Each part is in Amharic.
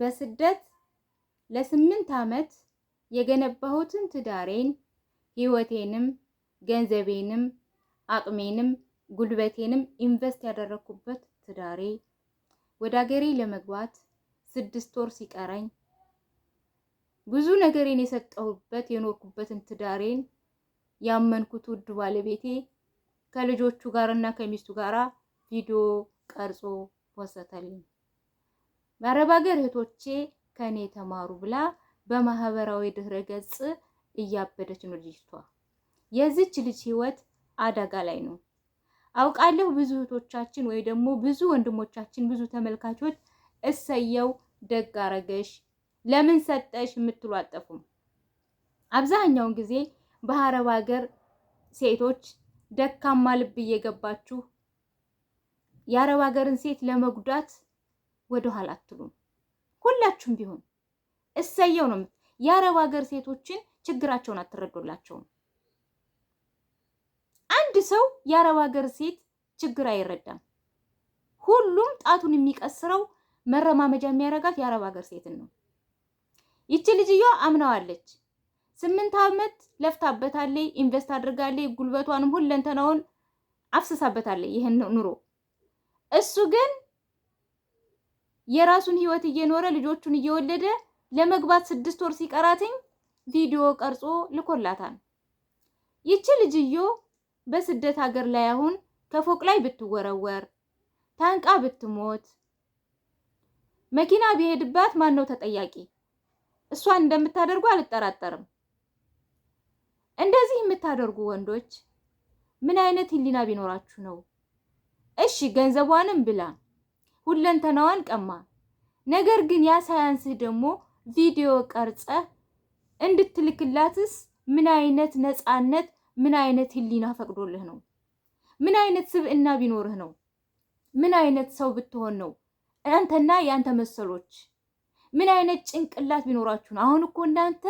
በስደት ለስምንት ዓመት የገነባሁትን ትዳሬን ህይወቴንም ገንዘቤንም አቅሜንም ጉልበቴንም ኢንቨስት ያደረኩበት ትዳሬ ወደ ሀገሬ ለመግባት ስድስት ወር ሲቀረኝ ብዙ ነገሬን የሰጠሁበት የኖርኩበትን ትዳሬን ያመንኩት ውድ ባለቤቴ ከልጆቹ ጋር እና ከሚስቱ ጋራ ቪዲዮ ቀርጾ ወሰተልኝ። በአረብ ሀገር እህቶቼ ከኔ የተማሩ ብላ በማህበራዊ ድህረ ገጽ እያበደች ነው ልጅቷ። የዚች ልጅ ህይወት አደጋ ላይ ነው አውቃለሁ። ብዙ እህቶቻችን ወይ ደግሞ ብዙ ወንድሞቻችን፣ ብዙ ተመልካቾች እሰየው ደግ አረገሽ ለምን ሰጠሽ የምትሉ አጠፉም። አብዛኛውን ጊዜ በአረብ ሀገር ሴቶች ደካማ ልብ እየገባችሁ የአረብ ሀገርን ሴት ለመጉዳት ወደ ኋላ አትሉም። ሁላችሁም ቢሆን እሰየው ነው። የአረብ ሀገር ሴቶችን ችግራቸውን አትረዱላቸውም። አንድ ሰው የአረብ ሀገር ሴት ችግር አይረዳም። ሁሉም ጣቱን የሚቀስረው መረማመጃ የሚያረጋት የአረብ ሀገር ሴትን ነው። ይቺ ልጅዮ አምነዋለች ስምንት ዓመት ለፍታበታለይ፣ ኢንቨስት አድርጋለ ጉልበቷንም ሁለንተናውን አፍስሳበታለይ ይህን ኑሮ እሱ ግን የራሱን ህይወት እየኖረ ልጆቹን እየወለደ ለመግባት ስድስት ወር ሲቀራትኝ ቪዲዮ ቀርጾ ልኮላታል። ይቺ ልጅዮ በስደት ሀገር ላይ አሁን ከፎቅ ላይ ብትወረወር ታንቃ ብትሞት መኪና ቢሄድባት ማን ነው ተጠያቂ? እሷን እንደምታደርጉ አልጠራጠርም። እንደዚህ የምታደርጉ ወንዶች ምን አይነት ህሊና ቢኖራችሁ ነው? እሺ ገንዘቧንም ብላ ሁለንተናዋን ቀማ። ነገር ግን ያ ሳያንስህ ደግሞ ቪዲዮ ቀርጸህ እንድትልክላትስ ምን አይነት ነፃነት፣ ምን አይነት ህሊና ፈቅዶልህ ነው? ምን አይነት ስብዕና ቢኖርህ ነው? ምን አይነት ሰው ብትሆን ነው አንተና የአንተ መሰሎች ምን አይነት ጭንቅላት ቢኖራችሁ ነው? አሁን እኮ እናንተ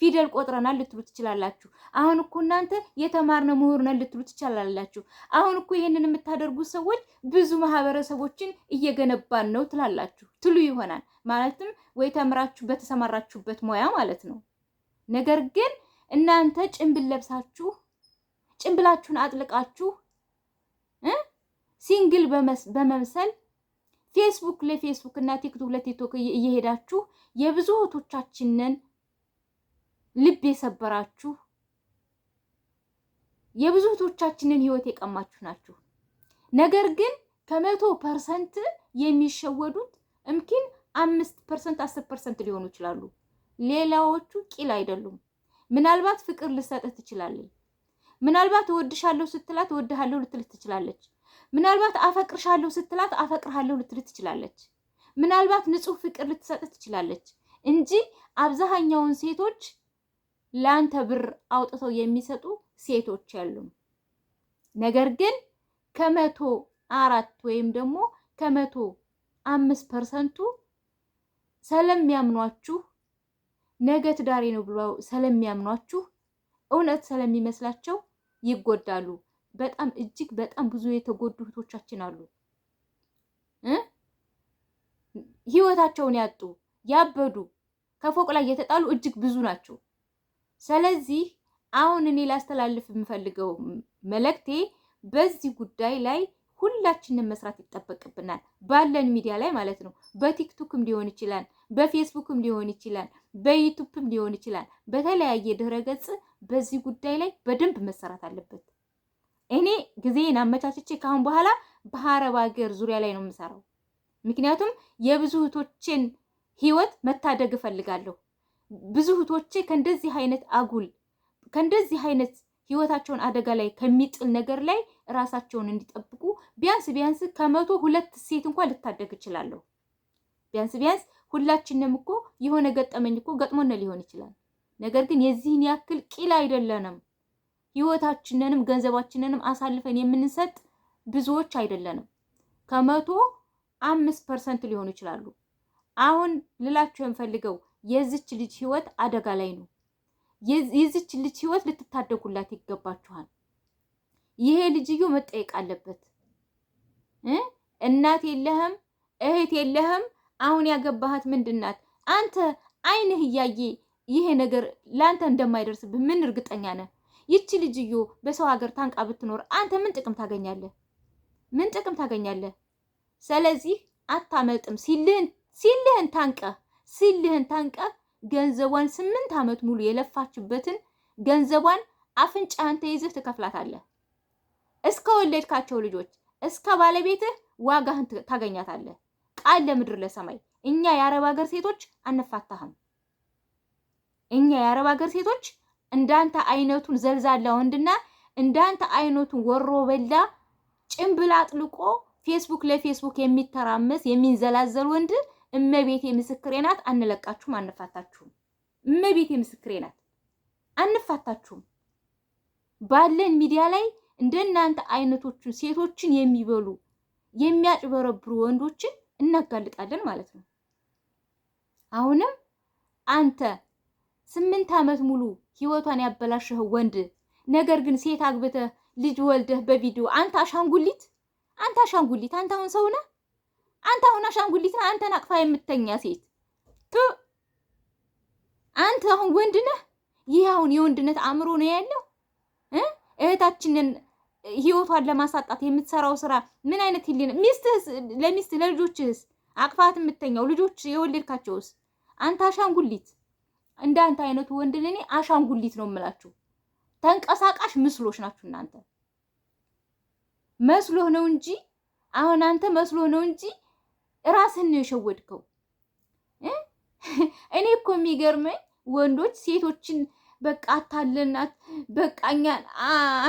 ፊደል ቆጥረናል ልትሉ ትችላላችሁ። አሁን እኮ እናንተ የተማርነ ምሁር ነን ልትሉ ትችላላችሁ። አሁን እኮ ይህንን የምታደርጉ ሰዎች ብዙ ማህበረሰቦችን እየገነባን ነው ትላላችሁ፣ ትሉ ይሆናል። ማለትም ወይ ተምራችሁ በተሰማራችሁበት ሙያ ማለት ነው። ነገር ግን እናንተ ጭንብል ለብሳችሁ ጭንብላችሁን አጥልቃችሁ ሲንግል በመምሰል ፌስቡክ ለፌስቡክ እና ቲክቶክ ለቲክቶክ እየሄዳችሁ የብዙ እህቶቻችንን ልብ የሰበራችሁ የብዙ እህቶቻችንን ህይወት የቀማችሁ ናችሁ። ነገር ግን ከመቶ ፐርሰንት የሚሸወዱት እምኪን አምስት ፐርሰንት አስር ፐርሰንት ሊሆኑ ይችላሉ። ሌላዎቹ ቂል አይደሉም። ምናልባት ፍቅር ልሰጥህ ትችላለች። ምናልባት እወድሻለሁ ስትላት እወድሃለሁ ልትልህ ትችላለች። ምናልባት አፈቅርሻለሁ ስትላት አፈቅርሃለሁ ልትል ትችላለች። ምናልባት ንጹህ ፍቅር ልትሰጥ ትችላለች እንጂ አብዛኛውን ሴቶች ለአንተ ብር አውጥተው የሚሰጡ ሴቶች ያሉም። ነገር ግን ከመቶ አራት ወይም ደግሞ ከመቶ አምስት ፐርሰንቱ ስለሚያምኗችሁ ነገ ትዳሬ ነው ብለው ስለሚያምኗችሁ እውነት ስለሚመስላቸው ይጎዳሉ። በጣም እጅግ በጣም ብዙ የተጎዱ እህቶቻችን አሉ። ህይወታቸውን ያጡ ያበዱ፣ ከፎቅ ላይ የተጣሉ እጅግ ብዙ ናቸው። ስለዚህ አሁን እኔ ላስተላልፍ የምፈልገው መልእክቴ በዚህ ጉዳይ ላይ ሁላችንም መስራት ይጠበቅብናል። ባለን ሚዲያ ላይ ማለት ነው። በቲክቶክም ሊሆን ይችላል፣ በፌስቡክም ሊሆን ይችላል፣ በዩቱብም ሊሆን ይችላል። በተለያየ ድረ ገጽ በዚህ ጉዳይ ላይ በደንብ መሰራት አለበት። እኔ ጊዜን አመቻችቼ ከአሁን በኋላ በአረብ ሀገር ዙሪያ ላይ ነው የምሰራው። ምክንያቱም የብዙ እህቶቼን ህይወት መታደግ እፈልጋለሁ። ብዙ እህቶቼ ከእንደዚህ አይነት አጉል ከእንደዚህ አይነት ህይወታቸውን አደጋ ላይ ከሚጥል ነገር ላይ ራሳቸውን እንዲጠብቁ ቢያንስ ቢያንስ ከመቶ ሁለት ሴት እንኳን ልታደግ እችላለሁ። ቢያንስ ቢያንስ ሁላችንም እኮ የሆነ ገጠመኝ እኮ ገጥሞነ ሊሆን ይችላል። ነገር ግን የዚህን ያክል ቂል አይደለንም። ህይወታችንንም ገንዘባችንንም አሳልፈን የምንሰጥ ብዙዎች አይደለንም። ከመቶ አምስት ፐርሰንት ሊሆኑ ይችላሉ። አሁን ልላችሁ የምፈልገው የዚች ልጅ ህይወት አደጋ ላይ ነው። የዚች ልጅ ህይወት ልትታደጉላት ይገባችኋል። ይሄ ልጅዮ መጠየቅ አለበት። እናት የለህም፣ እህት የለህም። አሁን ያገባሃት ምንድናት? አንተ አይንህ እያየ ይሄ ነገር ለአንተ እንደማይደርስብህ ምን እርግጠኛ ነህ? ይቺ ልጅዮ በሰው ሀገር ታንቃ ብትኖር አንተ ምን ጥቅም ታገኛለህ? ምን ጥቅም ታገኛለህ? ስለዚህ አታመልጥም። ሲልህን ሲልህን ታንቀ ሲልህን ታንቀ ገንዘቧን ስምንት ዓመት ሙሉ የለፋችበትን ገንዘቧን አፍንጫህን ተይዘህ ትከፍላታለህ። እስከ ወለድካቸው ልጆች እስከ ባለቤትህ ዋጋህን ታገኛታለህ። ቃል ለምድር ለሰማይ፣ እኛ የአረብ ሀገር ሴቶች አንፋታህም። እኛ የአረብ ሀገር ሴቶች እንዳንተ አይነቱን ዘልዛላ ወንድና እንዳንተ አይነቱን ወሮ በላ ጭምብል አጥልቆ ፌስቡክ ለፌስቡክ የሚተራመስ የሚንዘላዘል ወንድ እመቤቴ ምስክሬ ናት። አንለቃችሁም፣ አንፋታችሁም። እመቤቴ ምስክሬ ናት። አንፋታችሁም። ባለን ሚዲያ ላይ እንደናንተ አይነቶቹን ሴቶችን የሚበሉ የሚያጭበረብሩ ወንዶችን እናጋልጣለን ማለት ነው። አሁንም አንተ ስምንት ዓመት ሙሉ ህይወቷን ያበላሸህ ወንድ፣ ነገር ግን ሴት አግብተህ ልጅ ወልደህ በቪዲዮ አንተ አሻንጉሊት አንተ አሻንጉሊት አንተ አሁን ሰው ነህ? አንተ አሁን አሻንጉሊት ነህ? አንተን አቅፋ የምተኛ ሴት አንተ አሁን ወንድ ነህ? ይህ አሁን የወንድነት አእምሮ ነው ያለው እህታችንን ህይወቷን ለማሳጣት የምትሰራው ስራ ምን አይነት ህሊና ሚስትህስ ለሚስትህ ለልጆችህስ አቅፋት የምተኛው ልጆች የወለድካቸውስ አንተ አሻንጉሊት እንዳንተ አይነቱ ወንድን እኔ አሻንጉሊት ነው የምላችሁ። ተንቀሳቃሽ ምስሎች ናችሁ እናንተ። መስሎህ ነው እንጂ አሁን አንተ መስሎህ ነው እንጂ ራስህን ነው የሸወድከው። እኔ እኮ የሚገርመኝ ወንዶች ሴቶችን በቃ አታለናት በቃኛ።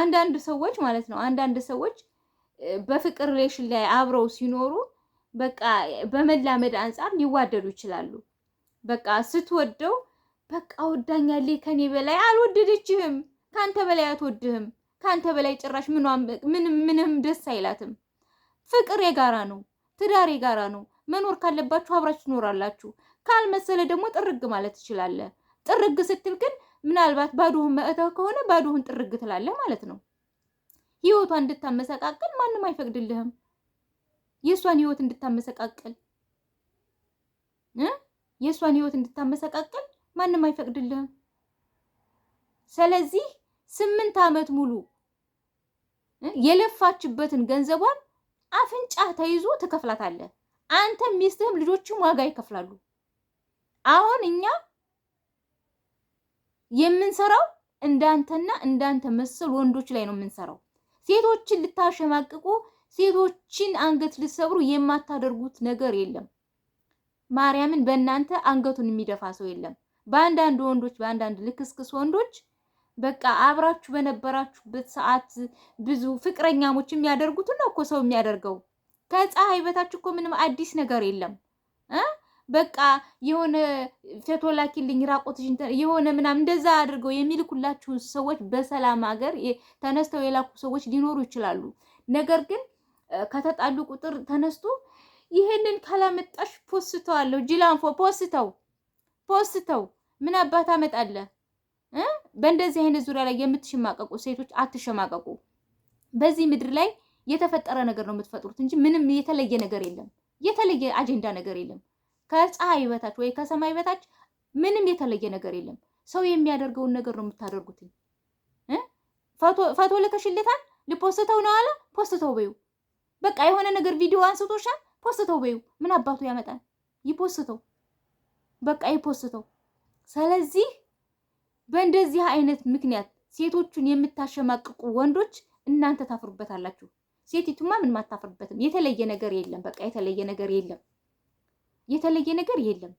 አንዳንድ ሰዎች ማለት ነው አንዳንድ ሰዎች በፍቅር ሬሽን ላይ አብረው ሲኖሩ በቃ በመላመድ አንጻር ሊዋደዱ ይችላሉ። በቃ ስትወደው በቃ ወዳኛለች ከኔ በላይ አልወደደችህም። ከአንተ በላይ አትወድህም። ከአንተ በላይ ጭራሽ ምንም ደስ አይላትም። ፍቅር የጋራ ነው። ትዳር የጋራ ነው። መኖር ካለባችሁ አብራችሁ ትኖራላችሁ። ካልመሰለ ደግሞ ጥርግ ማለት ትችላለህ። ጥርግ ስትል ግን ምናልባት ባዶህን መእተው ከሆነ ባዶህን ጥርግ ትላለህ ማለት ነው። ህይወቷ እንድታመሰቃቅል ማንም አይፈቅድልህም። የእሷን ህይወት እንድታመሰቃቅል የእሷን ህይወት እንድታመሰቃቅል ማንም አይፈቅድልህም። ስለዚህ ስምንት ዓመት ሙሉ የለፋችበትን ገንዘቧን አፍንጫ ተይዞ ትከፍላታለህ። አንተም ሚስትህም ልጆችም ዋጋ ይከፍላሉ። አሁን እኛ የምንሰራው እንዳንተና እንዳንተ መሰል ወንዶች ላይ ነው የምንሰራው። ሴቶችን ልታሸማቅቁ፣ ሴቶችን አንገት ልትሰብሩ የማታደርጉት ነገር የለም። ማርያምን በእናንተ አንገቱን የሚደፋ ሰው የለም። በአንዳንድ ወንዶች በአንዳንድ ልክስክስ ወንዶች በቃ አብራችሁ በነበራችሁበት ሰዓት ብዙ ፍቅረኛሞች የሚያደርጉትን ነው እኮ ሰው የሚያደርገው። ከፀሐይ በታች እኮ ምንም አዲስ ነገር የለም በቃ የሆነ ፎቶ ላኪልኝ ራቆትሽን የሆነ ምናምን እንደዛ አድርገው የሚልኩላችሁ ሰዎች በሰላም ሀገር ተነስተው የላኩ ሰዎች ሊኖሩ ይችላሉ። ነገር ግን ከተጣሉ ቁጥር ተነስቶ ይሄንን ካላመጣሽ ፖስተዋለሁ ጅላንፎ ፖስተው ፖስተው ምን አባት አመጣለ። በእንደዚህ አይነት ዙሪያ ላይ የምትሸማቀቁ ሴቶች አትሸማቀቁ። በዚህ ምድር ላይ የተፈጠረ ነገር ነው የምትፈጥሩት እንጂ ምንም የተለየ ነገር የለም። የተለየ አጀንዳ ነገር የለም። ከፀሐይ በታች ወይ ከሰማይ በታች ምንም የተለየ ነገር የለም። ሰው የሚያደርገውን ነገር ነው የምታደርጉትኝ። ፎቶ ልከሽልታል፣ ልፖስተው ነው አለ ፖስተው በዩ በቃ የሆነ ነገር ቪዲዮ አንስቶሻል፣ ፖስተው በዩ ምን አባቱ ያመጣል? ይፖስተው፣ በቃ ይፖስተው። ስለዚህ በእንደዚህ አይነት ምክንያት ሴቶቹን የምታሸማቅቁ ወንዶች እናንተ ታፍሩበታላችሁ። ሴቲቱማ ምን ማታፍርበትም፣ የተለየ ነገር የለም። በቃ የተለየ ነገር የለም፣ የተለየ ነገር የለም።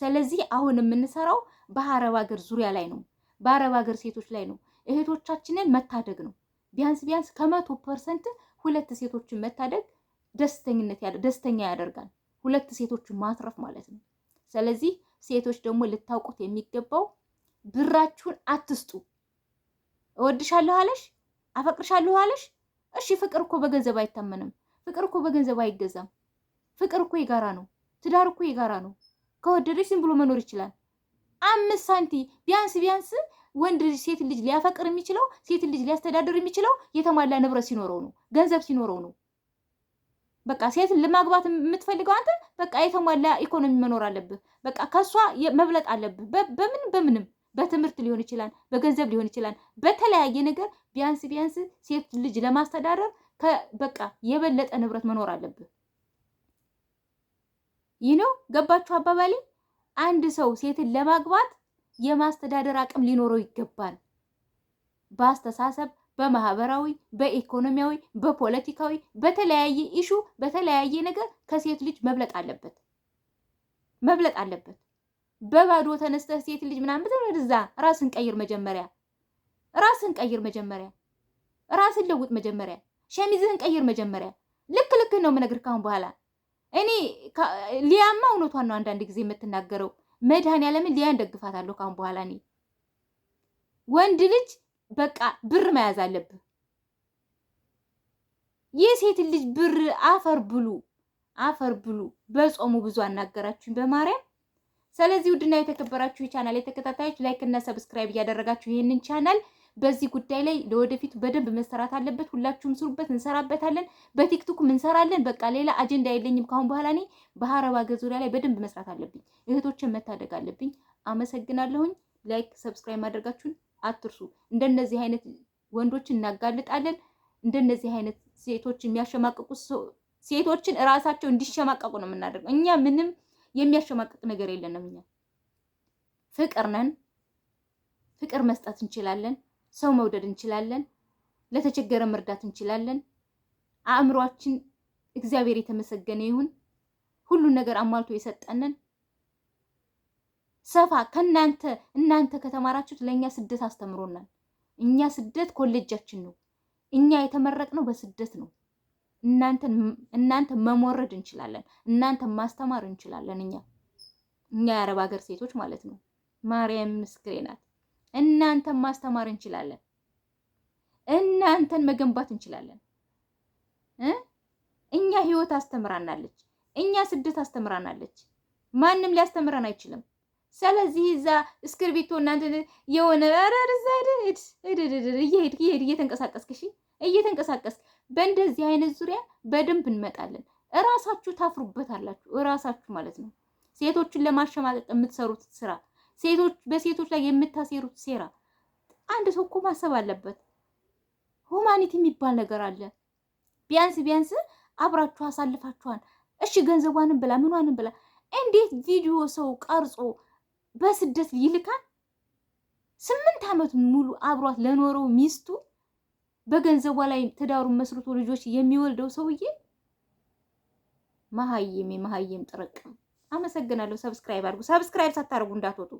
ስለዚህ አሁን የምንሰራው በአረብ ሀገር ዙሪያ ላይ ነው፣ በአረብ ሀገር ሴቶች ላይ ነው። እህቶቻችንን መታደግ ነው። ቢያንስ ቢያንስ ከመቶ ፐርሰንት ሁለት ሴቶችን መታደግ ደስተኝነት ደስተኛ ያደርጋል። ሁለት ሴቶችን ማትረፍ ማለት ነው። ስለዚህ ሴቶች ደግሞ ልታውቁት የሚገባው ብራችሁን አትስጡ። እወድሻለሁ አለሽ፣ አፈቅርሻለሁ አለሽ። እሺ ፍቅር እኮ በገንዘብ አይታመንም። ፍቅር እኮ በገንዘብ አይገዛም። ፍቅር እኮ የጋራ ነው። ትዳር እኮ የጋራ ነው። ከወደደች ዝም ብሎ መኖር ይችላል። አምስት ሳንቲ ቢያንስ ቢያንስ ወንድ ልጅ ሴት ልጅ ሊያፈቅር የሚችለው ሴት ልጅ ሊያስተዳድር የሚችለው የተሟላ ንብረት ሲኖረው ነው፣ ገንዘብ ሲኖረው ነው። በቃ ሴት ለማግባት የምትፈልገው አንተ በቃ የተሟላ ኢኮኖሚ መኖር አለብህ። በቃ ከእሷ መብለጥ አለብህ። በምን በምንም በትምህርት ሊሆን ይችላል፣ በገንዘብ ሊሆን ይችላል፣ በተለያየ ነገር ቢያንስ ቢያንስ ሴት ልጅ ለማስተዳደር በቃ የበለጠ ንብረት መኖር አለብህ። ይህ ነው ገባችሁ አባባሌ? አንድ ሰው ሴትን ለማግባት የማስተዳደር አቅም ሊኖረው ይገባል በአስተሳሰብ በማህበራዊ፣ በኢኮኖሚያዊ፣ በፖለቲካዊ፣ በተለያየ ኢሹ በተለያየ ነገር ከሴት ልጅ መብለጥ አለበት መብለጥ አለበት። በባዶ ተነስተህ ሴት ልጅ ምናምን ወደዛ ራስን ቀይር መጀመሪያ፣ ራስን ቀይር መጀመሪያ፣ ራስን ለውጥ መጀመሪያ፣ ሸሚዝህን ቀይር መጀመሪያ። ልክ ልክ ነው የምነግርህ ካሁን በኋላ እኔ ሊያማ እውነቷን ነው አንዳንድ ጊዜ የምትናገረው። መድኃኔዓለምን ሊያን ደግፋታለሁ ካሁን በኋላ እኔ ወንድ ልጅ በቃ ብር መያዝ አለብህ። የሴት ልጅ ብር አፈር ብሉ፣ አፈር ብሉ። በጾሙ ብዙ አናገራችሁኝ በማርያም። ስለዚህ ውድና የተከበራችሁ ቻናል የተከታታዮች ላይክ እና ሰብስክራይብ እያደረጋችሁ ይህንን ቻናል በዚህ ጉዳይ ላይ ለወደፊቱ በደንብ መሰራት አለበት። ሁላችሁም ስሩበት፣ እንሰራበታለን። በቲክቶክም እንሰራለን። በቃ ሌላ አጀንዳ የለኝም ከአሁን በኋላ እኔ በሀረብ ሀገር ዙሪያ ላይ በደንብ መስራት አለብኝ። እህቶችን መታደግ አለብኝ። አመሰግናለሁኝ። ላይክ ሰብስክራይብ ማድረጋችሁን አትርሱ። እንደነዚህ አይነት ወንዶችን እናጋልጣለን። እንደነዚህ አይነት ሴቶች የሚያሸማቅቁ ሴቶችን እራሳቸው እንዲሸማቀቁ ነው የምናደርገው። እኛ ምንም የሚያሸማቅቅ ነገር የለንም። እኛ ፍቅር ነን። ፍቅር መስጠት እንችላለን። ሰው መውደድ እንችላለን። ለተቸገረ መርዳት እንችላለን። አእምሯችን እግዚአብሔር የተመሰገነ ይሁን ሁሉን ነገር አሟልቶ የሰጠንን ሰፋ ከእናንተ እናንተ ከተማራችሁት ለእኛ ስደት አስተምሮናል። እኛ ስደት ኮሌጃችን ነው። እኛ የተመረቅነው በስደት ነው። እናንተ መሞረድ እንችላለን። እናንተ ማስተማር እንችላለን። እኛ እኛ የአረብ ሀገር ሴቶች ማለት ነው። ማርያም ምስክሬ ናት። እናንተን ማስተማር እንችላለን። እናንተን መገንባት እንችላለን። እኛ ህይወት አስተምራናለች። እኛ ስደት አስተምራናለች። ማንም ሊያስተምረን አይችልም። ስለዚህ እዛ እስክርቢቶ እናንተ የሆነ ረርዛ እየሄድክ እየሄድክ እየተንቀሳቀስክ እሺ፣ እየተንቀሳቀስክ በእንደዚህ አይነት ዙሪያ በደንብ እንመጣለን። እራሳችሁ ታፍሩበታላችሁ። እራሳችሁ ማለት ነው። ሴቶችን ለማሸማቀቅ የምትሰሩት ስራ፣ ሴቶች በሴቶች ላይ የምታሴሩት ሴራ። አንድ ሰው እኮ ማሰብ አለበት። ሁማኒቲ የሚባል ነገር አለ። ቢያንስ ቢያንስ አብራችሁ አሳልፋችኋል። እሺ ገንዘቧንም ብላ ምኗንም ብላ እንዴት ቪዲዮ ሰው ቀርጾ በስደት ይልካል። ስምንት ዓመት ሙሉ አብሯት ለኖረው ሚስቱ በገንዘቧ ላይ ትዳሩን መስርቶ ልጆች የሚወልደው ሰውዬ መሀይም የመሀይም ጥርቅም። አመሰግናለሁ። ሰብስክራይብ አድርጉ። ሰብስክራይብ ሳታደርጉ እንዳትወጡ።